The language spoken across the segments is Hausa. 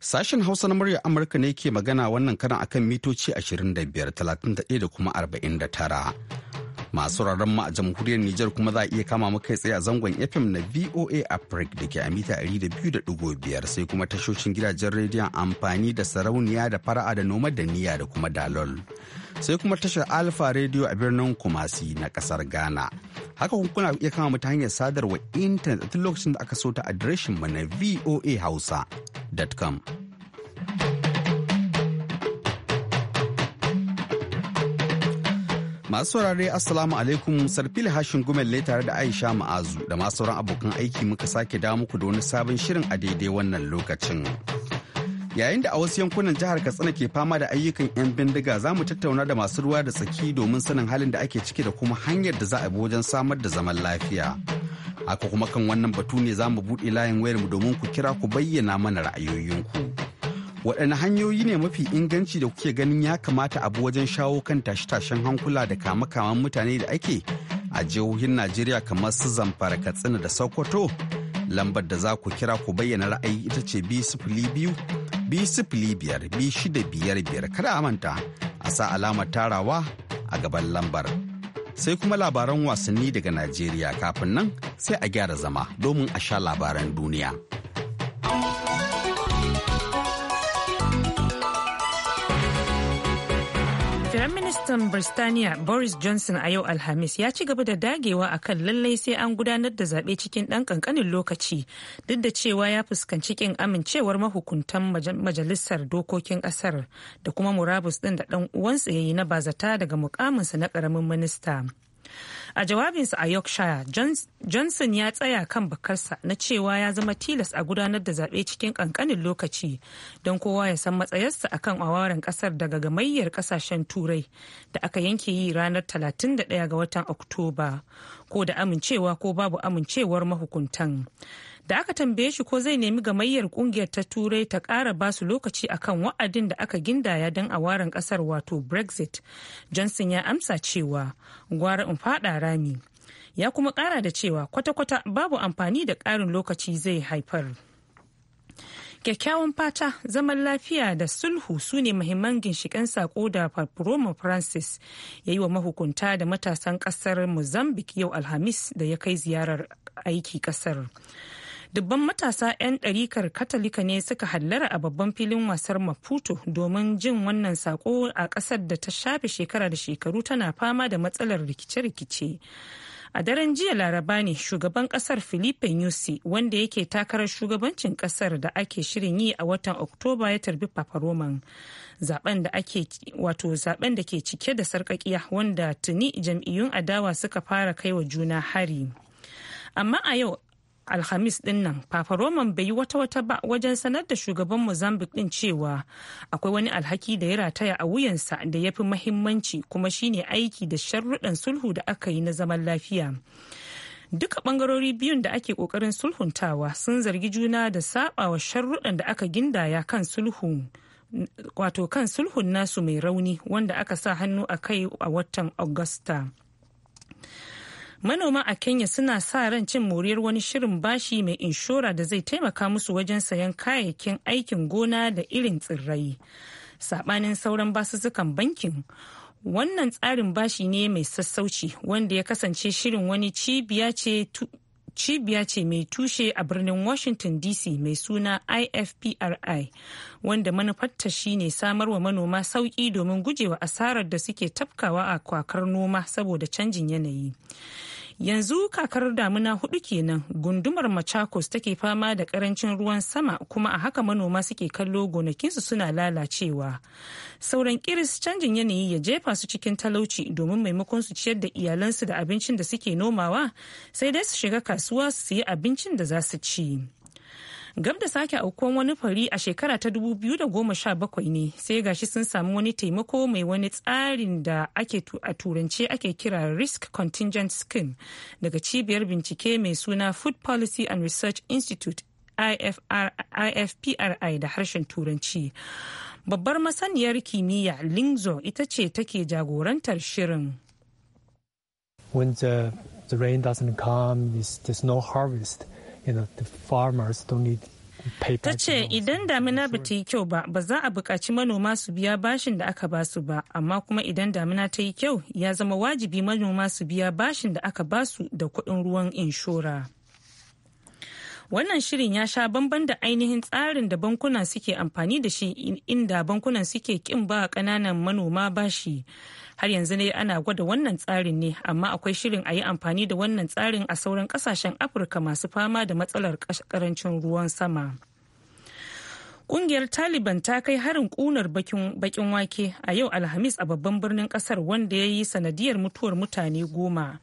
Sashen Hausa na muryar Amurka ne ke magana wannan karan akan mitoci 25, 31 da kuma 49. masu rarren mu a jamhuriyar Nijar kuma za a iya kama mu kai tsaye a zangon FM na VOA Africa da ke a mita 200.5 sai kuma tashoshin gidajen rediyon amfani da sarauniya da fara'a da noma da niyya da kuma dalol. Sai kuma tashar Alpha Radio a birnin Kumasi na kasar Ghana. Haka kuna iya kama mu ta hanyar sadarwa intanet a tun lokacin da aka so ta adireshin mu na voahausa.com. Masu saurare Assalamu alaikum Sarfil Hashin Gumelle tare da Aisha Ma'azu da masu sauran abokan aiki muka sake da muku da wani sabon shirin a daidai wannan lokacin. Yayin da a wasu yankunan jihar Katsina ke fama da ayyukan 'yan bindiga za mu tattauna da masu ruwa da tsaki domin sanin halin da ake ciki da kuma hanyar da za a bi wajen samar da zaman lafiya. Haka kuma kan wannan batu ne za mu buɗe layin wayarmu domin ku kira ku bayyana mana ra'ayoyinku. waɗanne hanyoyi ne mafi inganci da kuke ganin ya kamata abu wajen shawo kan tashe-tashen hankula da kama-kaman mutane da ake a jihohin najeriya kamar su zamfara katsina da sokoto lambar da za ku kira ku bayyana ra'ayi ita ce b biyu b biyar b shida biyar biyar kada a manta a sa alamar tarawa a gaban lambar sai kuma labaran wasanni daga najeriya kafin nan sai a gyara zama domin a sha labaran duniya. Firaministan Birtaniya Boris Johnson a yau Alhamis ya ci gaba da dagewa a kan lallai sai an gudanar da zaɓe cikin ɗan ƙanƙanin lokaci duk da cewa ya fuskanci ƙin amincewar mahukuntan majalisar dokokin ƙasar da kuma murabus ɗin da ɗan uwansa ya yi na bazata daga mukaminsa na ƙaramin minista. A jawabinsa a Yorkshire, Johnson ya tsaya kan bakarsa na cewa ya zama tilas a gudanar da zaɓe cikin ƙanƙanin lokaci don kowa ya san matsayarsa a kan awaren ƙasar daga gamayyar ƙasashen Turai da aka yanke yi ranar 31 ga watan Oktoba, ko da amincewa ko babu amincewar mahukuntan. da aka tambaye shi ko zai nemi gamayyar kungiyar ta turai ta kara basu lokaci akan wa'adin da aka gindaya don a waren kasar wato brexit johnson ya amsa cewa gwara in fada rami ya kuma kara da cewa kwata-kwata babu amfani da karin lokaci zai haifar kyakkyawan fata zaman lafiya da sulhu su ne muhimman ginshikan sako da Roma francis ya yi wa mahukunta da matasan ƙasar mozambique yau alhamis da ya kai ziyarar aiki ƙasar. dubban matasa 'yan ɗarikar katolika ne suka hallara a babban filin wasar maputo domin jin wannan sako a ƙasar da ta shafe shekara da shekaru tana fama da matsalar rikice-rikice a daren jiya laraba ne shugaban kasar filipe nyusi wanda yake takarar shugabancin kasar da ake shirin yi a watan oktoba ya tarbi paparoman zaben da wato zaben da ke cike da sarkakiya wanda tuni jam'iyyun adawa suka fara kai wa juna hari amma a yau alhamis din nan papa roman bai yi wata wata ba wajen sanar da shugaban mozambique din cewa akwai wani alhaki da ya rataya a wuyansa da ya fi mahimmanci kuma shine aiki da sharruɗan sulhu da aka yi na zaman lafiya duka bangarori biyun da ake kokarin sulhuntawa sun zargi juna da sabawa sharruɗan da aka gindaya kan sulhu wato kan sulhun nasu mai rauni wanda aka sa hannu a kai a watan augusta manoma a kenya suna sa ran cin moriyar wani shirin bashi mai inshora da zai taimaka musu wajen sayan kayayyakin aikin gona da irin tsirrai sabanin sauran basussukan bankin wannan tsarin bashi ne mai sassauci wanda ya kasance shirin wani cibiya ce cibiya ce mai tushe a birnin washington dc mai suna ifpri wanda manufarta shine samar wa manoma sauki domin gujewa asarar da suke tafkawa a kwakar noma saboda canjin yanayi yanzu kakar damuna hudu kenan gundumar machakos take fama da karancin ruwan sama kuma a haka manoma suke kallo gonakinsu suna lalacewa sauran kiris canjin yanayi ya jefa su cikin talauci domin maimakon su ciyar da iyalansu da abincin da suke nomawa sai dai su shiga kasuwa su yi abincin da za su ci. gab da sake aukuwan wani fari a shekara ta 2017 ne sai gashi sun samu wani taimako mai wani tsarin da ake a turance ake kira risk contingent scheme daga cibiyar bincike mai suna food policy and research institute ifpri da harshen turanci babbar masaniyar kimiyya lingzo ita ce take jagorantar shirin When the, the rain doesn't come, there's no harvest. ta ce idan damina ba ta yi kyau ba ba za a buƙaci manoma su biya bashin da aka basu ba amma kuma idan damina ta yi kyau ya zama wajibi manoma su biya bashin da aka basu da kuɗin ruwan inshora. wannan shirin ya sha bamban da ainihin tsarin da bankuna suke amfani da shi inda bankunan suke kin ba kananan manoma bashi har yanzu ne ana gwada wannan tsarin ne amma akwai shirin a yi amfani da wannan tsarin a sauran kasashen afirka masu fama da matsalar karancin ruwan sama ƙungiyar taliban ta kai harin ƙunar bakin wake a yau alhamis a babban birnin kasar wanda ya yi sanadiyar mutuwar mutane goma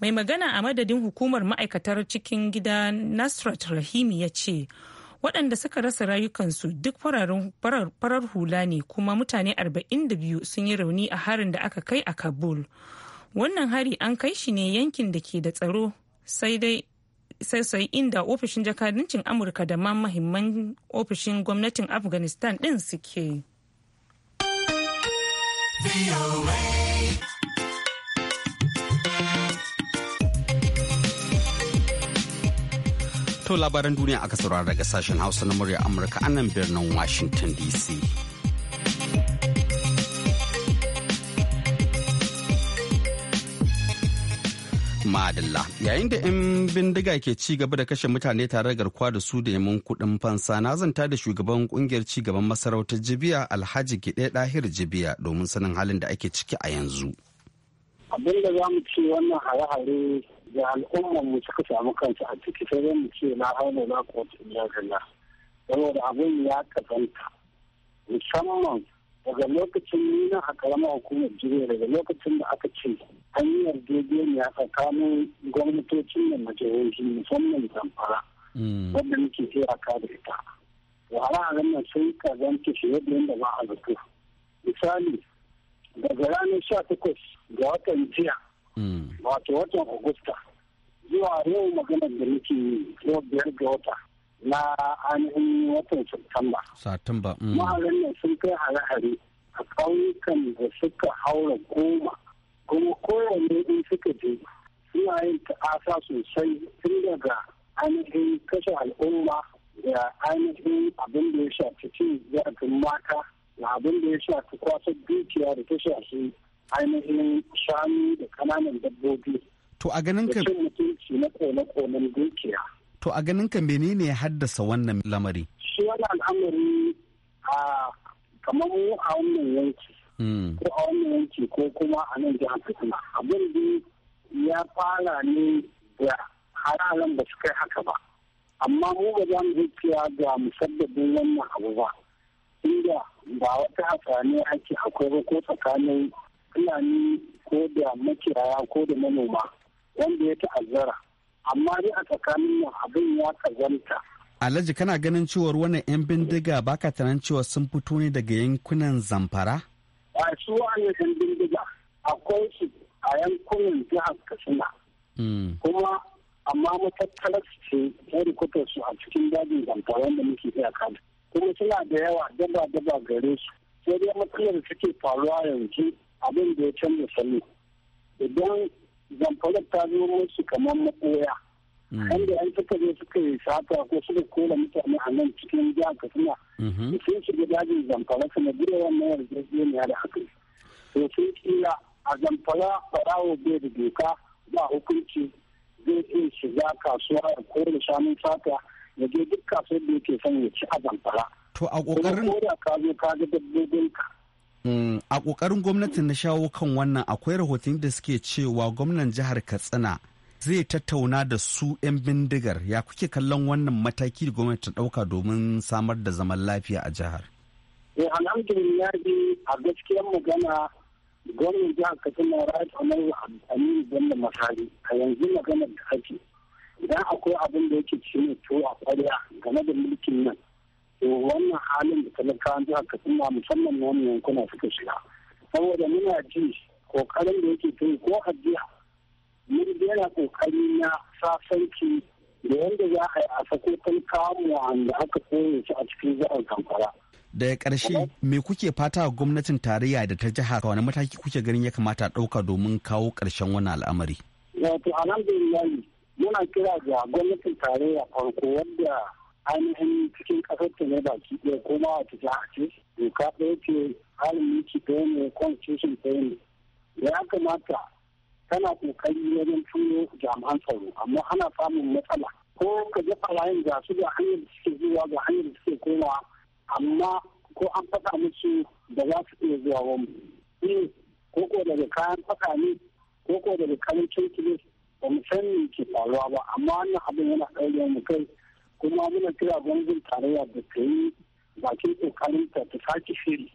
mai magana a madadin hukumar ma'aikatar cikin gida nasrat rahimi ya ce waɗanda suka rasa rayukansu duk farar hula ne kuma mutane 42 sun yi rauni a harin da aka kai a kabul wannan hari an kai shi ne yankin da ke da tsaro sai dai sai inda ofishin jakadancin amurka da ma mahimman ofishin gwamnatin afghanistan ɗin suke. To labaran duniya aka saurara daga sashen Hausa na murya Amurka a nan birnin Washington DC. Madalla yayin da 'yan bindiga ke ci gaba da kashe mutane tare garkuwa da su da yamin kuɗin fansa na zanta da shugaban kungiyar ci gaban masarautar jibiya alhaji gide dahir jibiya domin sanin halin da ake ciki a yanzu. abin da za mu ce wannan hare-hare da al'umman mu suka samu kansu a ciki sai zai mu ce na hauna na kotu wata gana saboda abin ya kazanta musamman daga lokacin nuna a karamar hukumar jirgin daga lokacin da aka ce hanyar ya tsakanin gwamnatocin da majalisoci musamman zamfara mm. wadda muke iyaka da ita wahala a nan sun kazanta shi da yadda ba a zato misali daga ranar sha takwas ga watan jiya hmm. wato watan agusta zuwa yau maganar da nake ko biyar ga wata na ainihin watan satamba. satamba hmm. ma'auran nan sun kai hare-hare a ƙauyukan da suka haura goma kuma kowanne ɗin suka je suna yin ta'asa sosai tun daga ainihin kashe al'umma da ainihin abin da ya shafi cin zarafin mata abin da ya shafi kwasar dukiya da ta shafi ainihin shanu da kananan dabbobi. To a ganin ka. Da mutunci na kone-konen dukiya. To a ganin ka menene ya haddasa wannan lamari? Shi wani al'amari a kamar a wannan yanki. Hmm. Ko a wannan yanki ko kuma a nan jihar Katsina. Abin da ya fara ne da haralan ba su kai haka ba. Amma mu ba za mu ga musabbabin wannan abu ba. Inda ba wata hatsani ake akwai ba ko tsakanin fulani ko da makiyaya ko da manoma wanda ya ta'azzara amma dai a tsakanin nan abin ya kazanta alhaji kana ganin cewar wannan 'yan bindiga ba ka tanan cewa sun fito ne daga yankunan zamfara a su wani 'yan bindiga akwai su a yankunan jihar katsina hmm. kuma amma matattalar su ce ya su a cikin dajin zamfara wanda muke iya kada. kuma suna da yawa daba daba gare su sai dai matsalar da take faruwa yanzu abin da ya canza salo idan zamfara ta zo musu kamar makoya mm. da yan suka zo suka yi sata ko suka kola mutane a nan cikin jihar katsina mm-hmm. sun shiga dajin zamfara sanadiyar wannan yarjejeniya da haka to sun kila a zamfara farawo bai da doka ba hukunci zai iya shiga kasuwa da kore shanun sata ya je duk kasuwar da yake son ya ci a zamfara. To a ƙoƙarin. ka zo ka dabbobin ka. Mm, a ƙoƙarin gwamnatin na shawo kan wannan akwai rahoton da suke cewa gwamnan jihar Katsina zai tattauna da su 'yan bindigar ya kuke kallon wannan mataki da gwamnati ta ɗauka domin samar da zaman lafiya a jihar. Eh alhamdulillah a gaskiyar magana gwamnan jihar Katsina Ra'ad Amadu Aminu Bello a yanzu magana da kake idan akwai abin da yake cikin to a kwarya game da mulkin nan to wannan halin da talakawan jihar katsina musamman na wani yankuna suka shiga saboda muna ji kokarin da yake tun ko ajiya, mun yana kokari na sasanci da yadda za a yi a sako talakawan wanda aka koya shi a cikin jihar kankara daga ƙarshe me kuke fata gwamnatin tarayya da ta jiha wani mataki kuke ganin ya kamata ɗauka domin kawo ƙarshen wani al'amari wato alhamdulillah muna kira ga gwamnatin tarayya farko wanda ainihin cikin kasar ta ne ki ɗaya kuma a cikin ake doka ɗaya ce halin mulki ɗaya ne constitution ta ne ya kamata tana kokari wajen turo jami'an tsaro amma ana samun matsala ko ka ga ɓarayin ga su da hanyar da suke zuwa ga hanyar da suke komawa amma ko an faɗa musu da za su iya zuwa wani ko ko daga kayan faɗa ne ko ko daga karancin kilis ba mu san me ke faruwa ba amma wannan abin yana ɗaure mu kai kuma muna kira gwamnatin tarayya da ta yi bakin kokarin ta ta sake shiri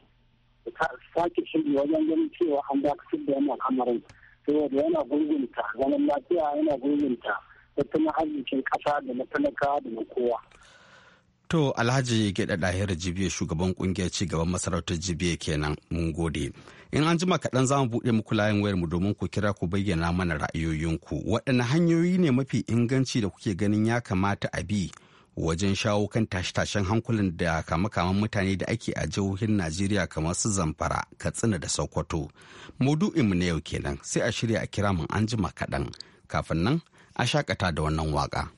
ta sake shiri wajen ganin cewa an dakatar da wannan al'amarin saboda yana gurgunta zaman lafiya yana gurgunta tattalin arzikin ƙasa da na talaka da na kowa. To Alhaji Geda Dahir Jibiya shugaban kungiyar gaban masarautar Jibiya kenan mun gode. In an jima kaɗan za mu buɗe muku layin wayar mu domin ku kira ku bayyana mana ra'ayoyinku. Waɗanne hanyoyi ne mafi inganci da kuke ganin ya kamata a bi wajen shawo kan tashe-tashen hankulan da kama-kaman mutane da ake a jihohin Najeriya kamar su Zamfara, Katsina da Sokoto. mu na yau kenan sai a shirya a kira mun an jima kaɗan kafin nan a shakata da wannan waƙa.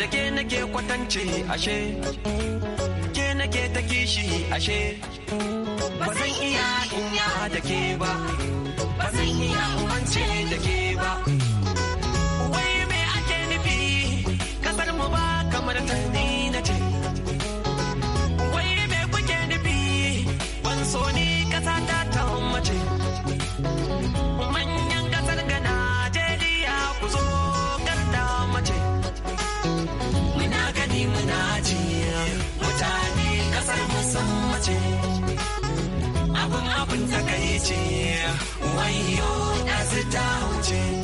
da ke nake kwatance ashe ke nake ta kishi ashe ba zan iya inya da ke ba ba zan iya umance da ke ba wai me ake nufi kasar mu ba kamar tanni Why you as a ta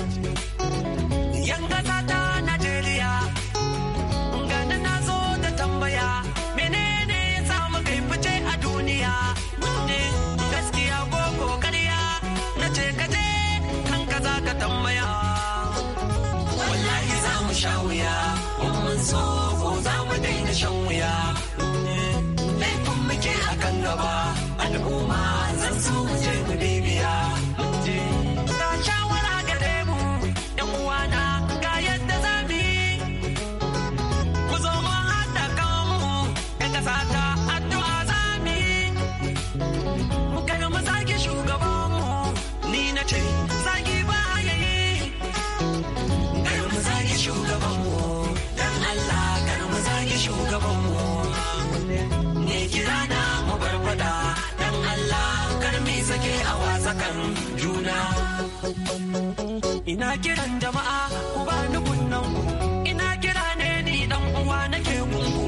kiran jama'a ku ba ni kunnan ku ina kira ne ni dan uwa nake muku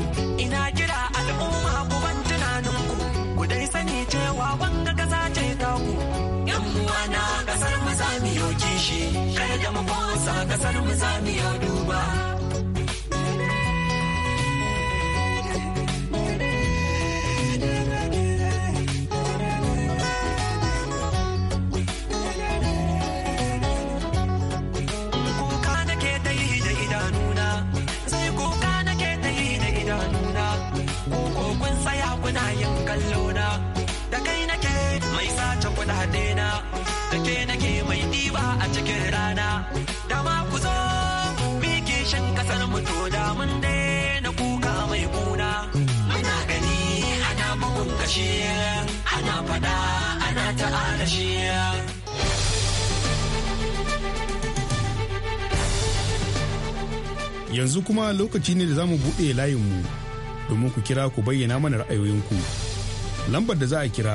ina kira al'umma ku ban tunanin ku ku dai sani cewa wanga kasa ce ta ku yan uwa na kasar mu za mu kishi kada mu kosa kasar mu za mu duba kuɗaɗe na da ke nake mai ɗiba a cikin rana da ma ku zo mi kishin kasar mu da mun daina kuka mai kuna muna gani ana bugun kashi ana faɗa ana ta'ala shi yanzu kuma lokaci ne da za mu buɗe layinmu domin ku kira ku bayyana mana ra'ayoyinku. Lambar da za a kira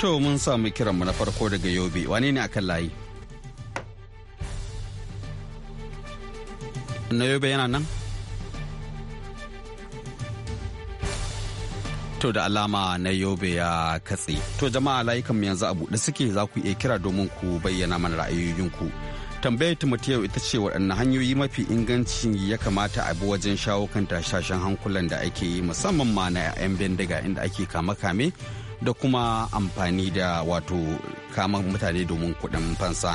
To mun samu kiranmu na farko daga Yobe, wane ne akan layi? Na Yobe yana nan? To da alama na Yobe ya katse. To jama'a layukanmu yanzu a buɗe suke za ku iya kira domin ku bayyana mana ra'ayoyinku. Tambayar ta yau ita ce waɗanne hanyoyi mafi inganci ya kamata a bi wajen shawo kan tashashen hankulan da ake yi musamman ma na 'yan bindiga inda ake kame-kame da kuma amfani da wato kamar mutane domin kuɗin fansa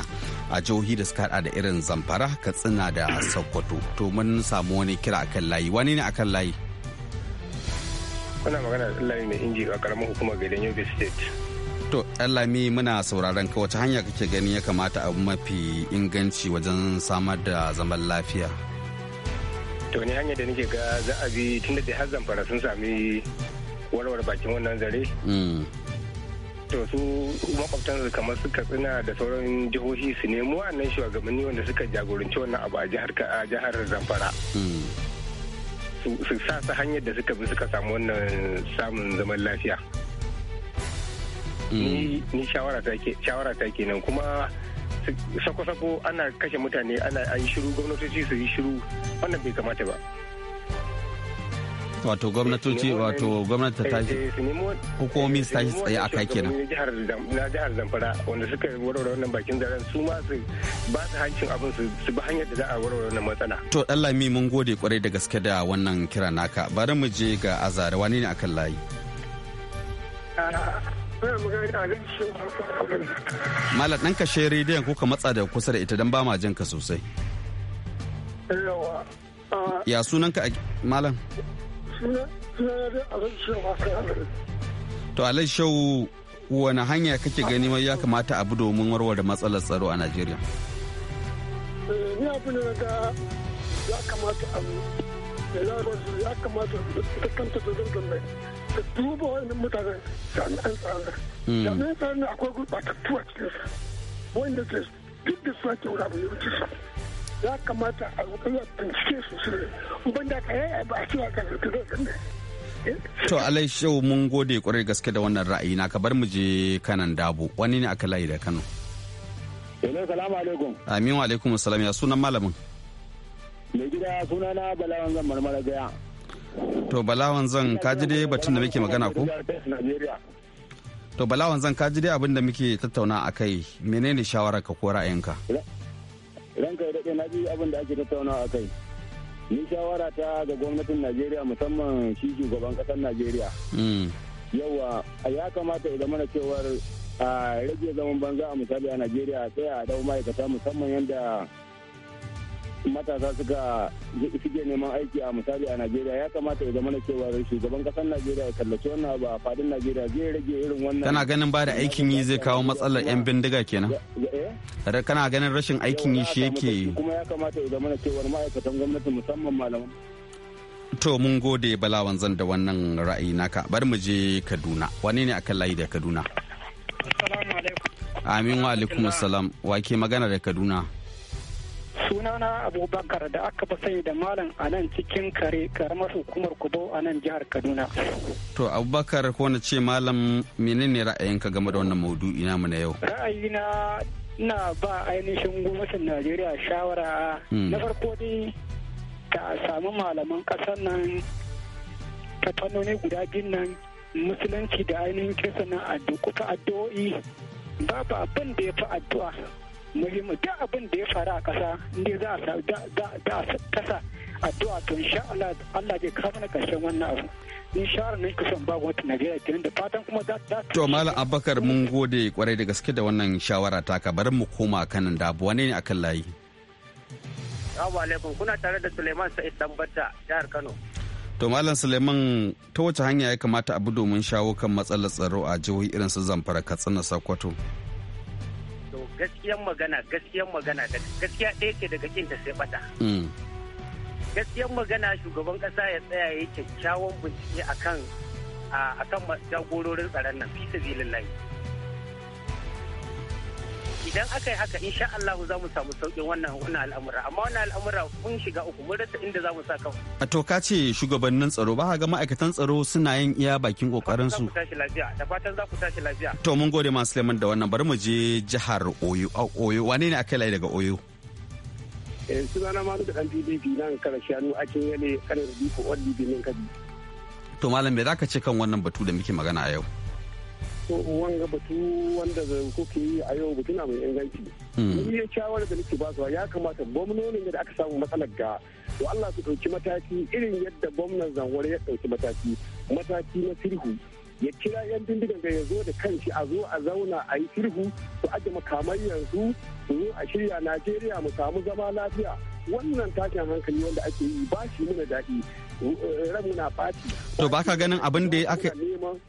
a jihohi da suka hada da irin zamfara katsina da sokoto to mun samu wani kira akan layi wani ne akan layi kuna magana da lami mai inji a karamin hukumar gidan yobe state to lami muna sauraron ka wace hanya kake gani ya kamata abu mafi inganci wajen samar da zaman lafiya to ni hanya da nake ga za a bi tun da har zamfara sun sami warware bakin wannan zare mm. to su su kamar su katsina da sauran jihohi su nemi wannan shugabanni wanda suka jagoranci wannan abu a jihar zamfara mm. su sa su hanyar da suka bi suka samu wannan samun zaman lafiya mm. ni shawara ta kenan kuma sako-sako ana kashe mutane ana yi shiru gwamnatoci su yi shiru wannan bai kamata ba wato gwamnatoci wato gwamnati ta tashi eh, eh, hukumomi su tashi tsaye a kai kenan na jihar zamfara wanda suka warware wannan bakin zaren su ma su ba su hancin abin su ba hanyar da za a warware wannan matsala to dan lami mun gode kwarai da gaske da wannan kira naka bari mu je ga azare wani ne akan layi Malam ɗan kashe rediyon ko ka matsa da kusa da ita don ba ma ka sosai. Ya sunanka Malam? To Alai Shau wani hanya kake gani mai ya kamata abu domin warware matsalar tsaro a Najeriya? Eh, ni abu ne da ya kamata abu da yaransu ya kamata ta kanta da zan mai da duba wani mutane jami'an tsarar. Jami'an tsaron hmm. akwai gurɓatattu a cikinsa wanda ke duk da su ake wuri abu cikin wuce ya kamata a yi bincike sosai ban da ka yaya ba a cewa ka To Alai Shehu mun gode kwarai gaske da wannan ra'ayi na ka bar mu je kanan dabo wani ne aka layi da Kano. Salamu alaikum. Amin wa alaikum salam ya sunan malamin. Mai gida suna na Balawan zan marmara gaya. To Balawan zan ka ji dai batun da muke magana ko? To Balawan zan ka ji dai abin da muke tattauna a kai menene shawara ka ko ra'ayinka? ranka ya daɗe na ji abin da ake tattaunawa a kai ni shawara ta ga gwamnatin najeriya musamman shi shugaban ƙasar najeriya hmm. yawa ya kamata idan mana cewar a rage zaman banza a misali a najeriya sai a dau ma'aikata musamman yadda matasa suka suke neman aiki a misali a Najeriya ya kamata ya zama na cewa shugaban kasar Najeriya ya kallaci wannan abu a fadin Najeriya zai rage irin wannan. Kana ganin ba da aikin yi zai kawo matsalar 'yan bindiga kenan? Eh? Kana ganin rashin aikin yi shi yake. Kuma ya kamata ya zama na cewa ma'aikatan gwamnati musamman malaman. To mun gode balawan zan da wannan ra'ayi naka bar mu je Kaduna wane ne akan layi da Kaduna? Assalamu alaikum. Amin wa alaikum assalam wa ke magana da Kaduna? sunana abubakar da aka fi sani da malam a nan cikin kare karamar hukumar kubo a nan jihar kaduna to abubakar ko na ce malam menene ra'ayinka game da wannan ina mu na yau ra'ayina na ba ainihin gwamnatin najeriya shawara hmm. na farko dai ka samu malaman kasar nan ta fannoni guda biyun nan musulunci da ainihin kirista na addu'a addu'o'i babu abin da ya fi addu'a muhimmi duk abin da ya faru a ƙasa inda za a kasa addu'a to insha Allah Allah zai kawo na ƙarshen wannan abu insha Allah ne kusan ba wata Najeriya kenan da fatan kuma za ta to malam Abubakar mun gode kwarai da gaske da wannan shawara taka bari mu koma da abu wane ne akan layi Assalamu alaikum kuna tare da Suleiman Sa'id Dambata jihar Kano To Malam Suleiman ta wace hanya ya kamata abu domin shawo kan matsalar tsaro a jihohi irin su Zamfara Katsina Sokoto? gaskiyan magana gaskiyan magana gaskiya ɗaya ce daga cin ta sai bata hmm. gaskiyan magana shugaban kasa ya tsaya ya kyakkyawan bincike akan kan jagororin tsaron nan fi layi. idan aka yi haka insha Allah za mu samu sauƙin wannan wannan al'amura amma wannan al'amura mun shiga uku mun rasa inda za mu sa kawai. a to ka ce shugabannin tsaro ba ga ma'aikatan tsaro suna yin iya bakin kokarin su da fatan za ku tashi lafiya to mun gode ma Suleiman da wannan bari mu je jihar Oyo Oyo wane ne aka lai daga Oyo eh sunana ma da dan PDP nan kara shanu a kin yale kare biko waddi binin kabi to malam me zaka ce kan wannan batu da muke magana a yau wanga batu wanda kuke yi a yau batu na mai inganci hmm. ni ya shawarar da nake ba ya kamata gwamnonin da aka samu matsalar ga to Allah su ɗauki mataki irin yadda gwamnan zanwar ya ɗauki mataki mataki na sirhu ya kira yan bindigan da ya zo da kanshi a zo a zauna a yi sirhu su aje makamai yanzu su zo a shirya Najeriya mu samu zama lafiya wannan tashin hankali wanda ake yi ba shi muna daɗi ran to baka ganin abin da aka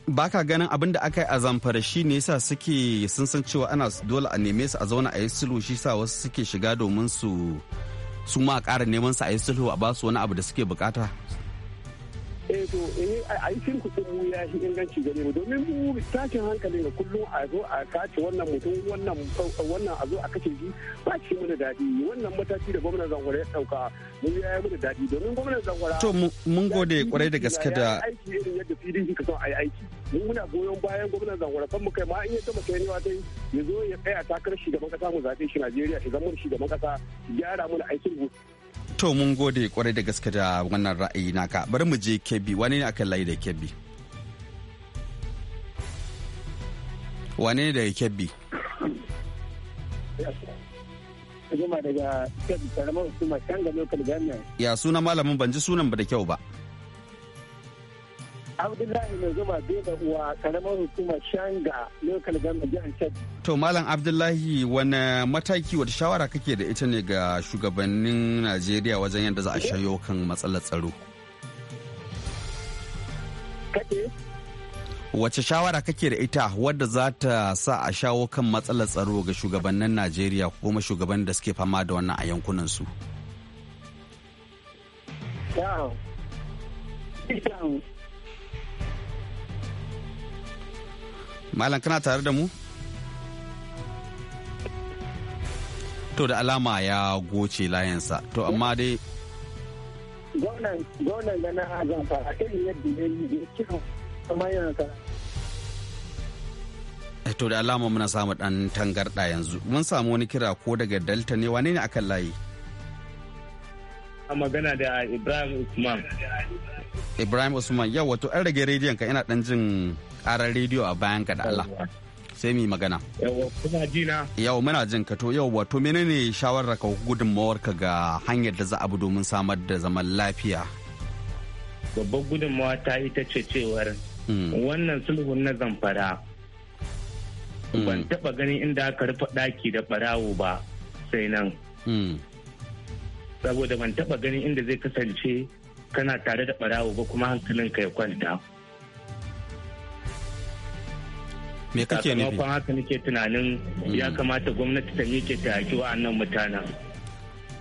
baka ganin abin da aka yi a zamfara shi ne yasa suke sun san cewa ana dole a neme su a zauna a yi sulhu shi sa wasu suke shiga domin su su ma ƙara neman su a yi sulhu a su wani abu da suke bukata eh to eh, a yi cin kusur mu ya shi inganci gare mu domin mu tashin hankalin ga kullum a zo a kace wannan mutum wannan wannan a zo a kace shi ba shi mu da dadi wannan mataki da gwamnatin zangwara ya dauka mu ya yi mu da dadi domin gwamnatin zangwara to mun gode kwarai da gaske da aiki irin yadda PDP ka son a yi aiki mun muna goyon bayan gwamnatin zangwara kan mu kai ma in ya taba kai ne wa dai ya zo ya tsaya takarar shugaban kasa mu zabe shi Najeriya shi shi shugaban kasa gyara mana aikin aikin To mun gode kwarai da gaske da wannan ra'ayi naka. Bari mu je Kebbi, wani ne akan layi da Kebbi? Wane ne daga Kebbi? Ya suna malamin ban ji sunan ba da kyau ba. Abdullahi mai zuma bai da uwa karamar hukuma Shanga local government jihar Kebbi. To Malam Abdullahi wani mataki wata shawara kake da ita ne ga shugabannin Najeriya wajen yadda za a shayo kan matsalar tsaro? Kake? Wace shawara kake da ita wadda za ta sa a shawo kan matsalar tsaro ga shugabannin Najeriya kuma shugaban da suke fama da wannan a yankunan su? malam kana tare da mu to da alama ya goce layansa to amma dai gwamnan gana a zamfara yadda ya yi da kuma yana eh, to da alama muna samu dan tangarda yanzu mun samu wani kira ko daga delta ne wane ne akan layi a magana da ibrahim usman Ibrahim Usman yau wato an rage rediyon ka ina dan jin karar rediyo a bayan ka da Allah. Sai mu magana. Yau kuma jina. Yau muna jin ka to yau wato menene shawarar ka gudunmawar ka ga hanyar da za a bi domin samar da zaman lafiya. Babbar gudunmawa ta ita ce cewar hmm. wannan sulhun na zamfara hmm. ban taba ganin inda aka rufe daki da barawo ba sai nan hmm. saboda ban taba ganin inda zai kasance kana tare da barawo ba kuma hankalinka ya kwanta me kake nufi sakamakon haka nake tunanin ya hmm. kamata gwamnati ta miƙe ta yaki wa'annan mutanen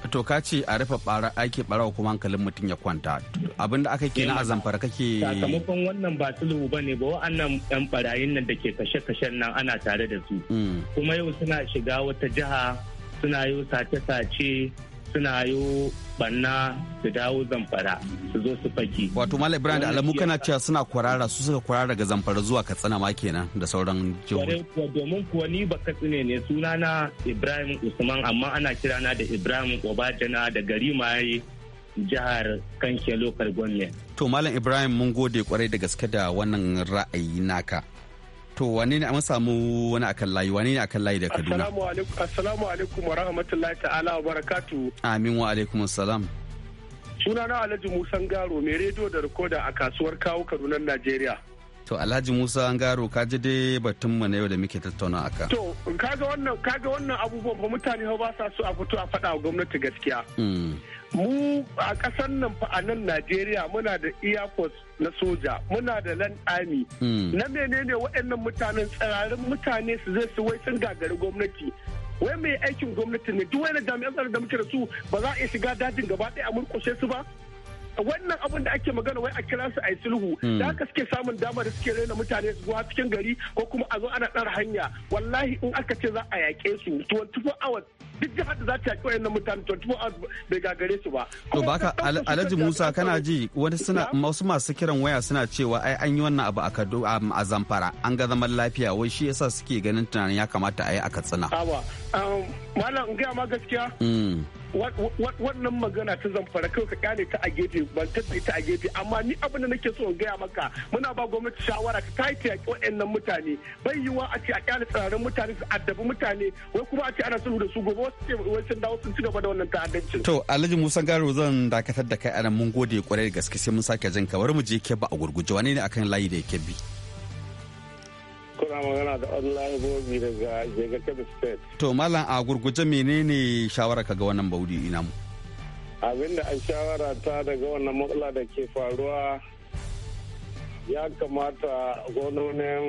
to ka ce a rufe bara aiki barawa kuma hankalin mutum ya kwanta abin da aka kina a zamfara kake sakamakon wannan ba sulhu ne ba wa'annan ɗan barayin nan da ke kashe-kashen nan ana tare da su hmm. kuma yau suna shiga wata jiha suna yi sace-sace suna yi banna su dawo zamfara su zo su faki. Wato Malam Ibrahim da alamu kana cewa suna kwarara su suka kwarara ga zamfara zuwa Katsina ma kenan da sauran jihohi. Domin kuwa ni ba Katsina ne suna na Ibrahim Usman amma ana kira na da Ibrahim Obajana da gari maye jihar Kanke Local Government. To Malam Ibrahim mun gode kwarai da gaske da wannan ra'ayi naka. To wane ne a samu wani akan layi wane ne akan layi da Kaduna? Assalamu alaikum wa rahmatullahi ta'ala wa barakatu. Amin wa alaikum salam. Suna na Alhaji Musa Garo mai rediyo da rikoda a kasuwar kawo Kaduna Najeriya. To Alhaji Musa Garo ka ji dai batun mu na yau da muke tattauna aka. To kaga wannan kaga abubuwan ba mutane ba sa so a fito a faɗa gwamnati gaskiya. Hmm. mu a ƙasar nan fa a nan najeriya muna da Force na soja muna da land army hmm. na menene waɗannan mutanen tsirarin mutane su zai su wai sun gagari gwamnati wai mai aikin gwamnati ne duk wani jami'an tsaron da muke da su ba za a iya shiga dajin gaba ɗaya a murƙushe su ba wannan abin da ake magana wai a kira su a yi sulhu hmm. da haka suke samun dama da suke raina mutane su zuwa cikin gari ko kuma a zo ana ɗara hanya wallahi in aka ce za a yaƙe su 24 hours duk jiha da za ta yaƙi mutane su ba. To Alhaji Musa kana ji wani wasu masu kiran waya suna cewa ai an yi wannan abu a Kaduna a Zamfara an ga zaman lafiya wai shi yasa suke ganin tunanin ya kamata a yi a Katsina. Um, malam gaya ma gaskiya mm. wannan magana ta zamfara kai ka kyale ta a gefe ban ta ta a gefe amma ni abin da nake so in gaya maka muna ba gwamnati shawara ka kai ta yaƙi waɗannan mutane bai yiwa a ce a kyale tsararren mutane su addabi mutane wai kuma a ce ana sulhu da su gobe wasu ce wai sun dawo sun ci gaba da wannan ta'addancin to Alhaji Musa Garo zan dakatar da kai anan mun gode kwarai da gaske sai mun sake jin ka mu je ke a gurguje wani ne akan layi da yake bi kuna magana da online bobi daga jega kebbi state to malam a gurguje menene shawara ka ga wannan baudi ina mu abinda a shawara ta daga wannan matsala da ke faruwa ya kamata gononin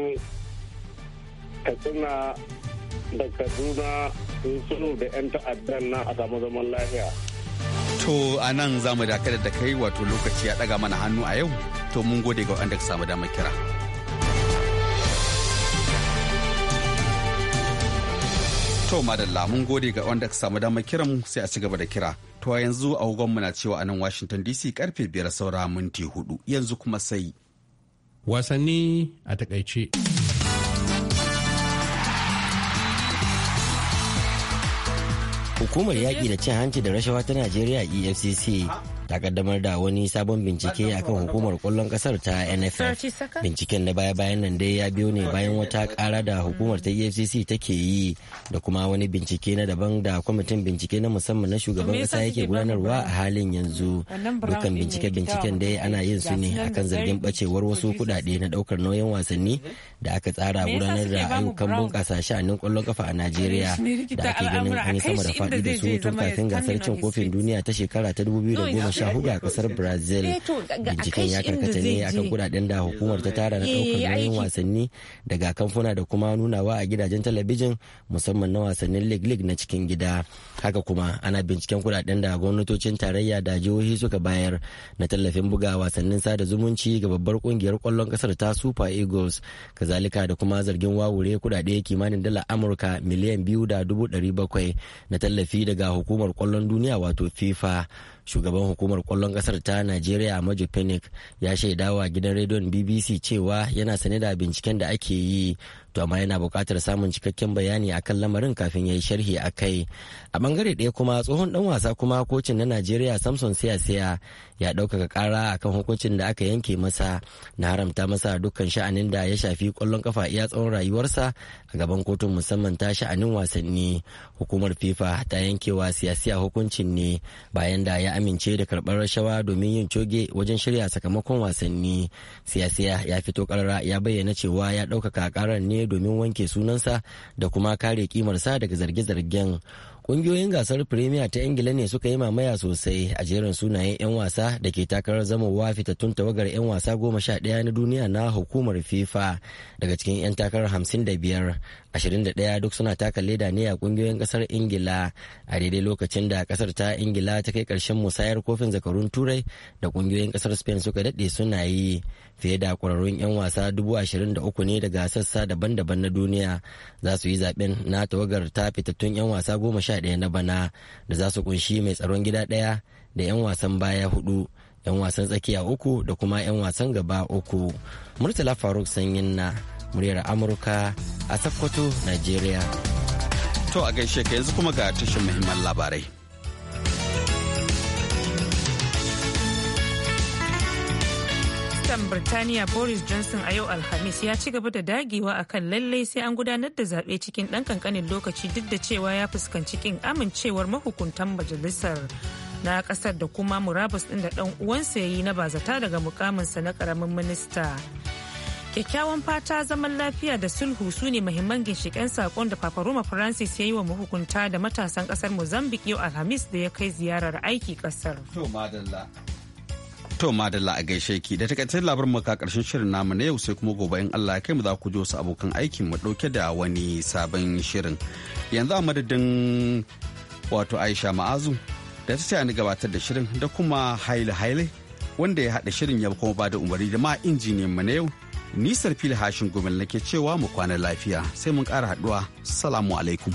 katsina da kaduna sun sunu da 'yan ta'addan na a samu zaman lafiya To a nan za mu dakatar da kai wato lokaci ya ɗaga mana hannu a yau, to mun gode ga wanda ka samu damar kira. To madalla mun gode ga wanda ka samu damar kiran sai a ci gaba da kira. To yanzu mu na cewa a nan Washington DC karfe biyar saura minti hudu yanzu kuma sai. Wasanni a takaice. Hukumar yaƙi da cin hanci da rashawa ta Najeriya EFCC ta kaddamar da wani sabon bincike a kan hukumar kwallon kasar ta nff binciken na baya-bayan nan dai ya biyo ne bayan wata kara da hukumar ta efcc take yi da kuma wani bincike na daban da kwamitin bincike na musamman na shugaban kasa yake gudanarwa a halin yanzu dukkan bincike-binciken dai ana yin su ne akan zargin bacewar wasu kudade na daukar nauyin wasanni da aka tsara gudanar da ayyukan bunƙasa sha'anin kwallon kafa a najeriya da ake ganin an yi sama da faɗi da su tun kafin gasar cin kofin duniya ta shekara ta 2010 sha hudu a kasar brazil eh, binciken ya karkata ne akan kudaden da hukumar ta tara na daukar eh, nauyin wasanni daga kamfuna da kuma nunawa a gidajen talabijin musamman na wasannin league league na cikin gida haka kuma ana binciken kudaden da gwamnatocin tarayya da jihohi suka bayar na tallafin buga wasannin sada zumunci ga babbar kungiyar kwallon kasar ta super eagles kazalika da kuma zargin wawure kudade kimanin dala amurka miliyan biyu da dubu dari bakwai na tallafi daga hukumar kwallon duniya wato fifa shugaban hukumar kwallon kasar ta najeriya maju phoenix ya shaidawa gidan rediyon bbc cewa yana sane da binciken da ake yi to amma yana buƙatar samun cikakken bayani akan lamarin kafin ya yi sharhi a kai a bangare ɗaya kuma tsohon ɗan wasa kuma kocin na najeriya samson siya-siya ya ɗaukaka ƙara akan hukuncin da aka yanke masa na haramta masa dukkan sha'anin da ya shafi ƙwallon kafa iya tsawon rayuwarsa a gaban kotun musamman ta sha'anin wasanni hukumar fifa ta yankewa siya-siya hukuncin ne bayan da ya amince da karɓar rashawa domin yin coge wajen shirya sakamakon wasanni siya-siya ya fito ƙarara ya bayyana cewa ya ɗaukaka ƙarar ne domin wanke sunansa da kuma kare kimarsa daga zarge-zargen ƙungiyoyin gasar firemiya ta ingila ne suka yi mamaya sosai a jerin sunayen 'yan wasa da ke takarar zamowa fitattun tawagar 'yan wasa goma sha ɗaya na duniya na hukumar fifa daga cikin 'yan takarar hamsin da biyar 21 duk suna taka leda ne a kungiyoyin kasar ingila a daidai lokacin da kasar ta ingila ta kai karshen musayar kofin zakarun turai da kungiyoyin kasar spain suka daɗe suna yi fiye da kwararrun 'yan wasa 23 ne daga sassa daban-daban na duniya za su yi zaben na tawagar ta fitattun 'yan wasa 11 na bana da za su kunshi mai tsaron gida ɗaya da 'yan wasan baya hudu 'yan wasan tsakiya uku da kuma 'yan wasan gaba uku murtala faruk sanyin na muryar amurka a sokoto nigeria to a gaishe ka yanzu kuma ga tashin muhimman labarai Ministan Birtaniya Boris Johnson a yau Alhamis ya ci gaba da dagewa a kan lallai sai an gudanar da zaɓe cikin ɗan kankanin lokaci duk da cewa ya fuskanci kin amincewar mahukuntan majalisar na ƙasar da kuma murabus ɗin da ɗan uwansa ya yi na bazata daga mukaminsa na ƙaramin minista. kyakkyawan fata zaman lafiya da sulhu su ne mahimman ginshiƙen saƙon da papa roma francis ya yi wa mahukunta da matasan kasar mozambique yau alhamis da ya kai ziyarar aiki kasar. to madalla a gaishe ki da takaitar labarin maka karshen shirin namu na yau sai kuma gobe in Allah ya kai mu za ku ji wasu abokan aikin mu dauke da wani sabon shirin yanzu a madadin wato Aisha Ma'azu da ta sai gabatar da shirin da kuma Haile Haile wanda ya haɗa shirin ya kuma ba da umarni da ma injiniyan mu na yau Nisar fili hashin gumel nake cewa mu kwana lafiya sai mun ƙara haduwa Salamu alaikum.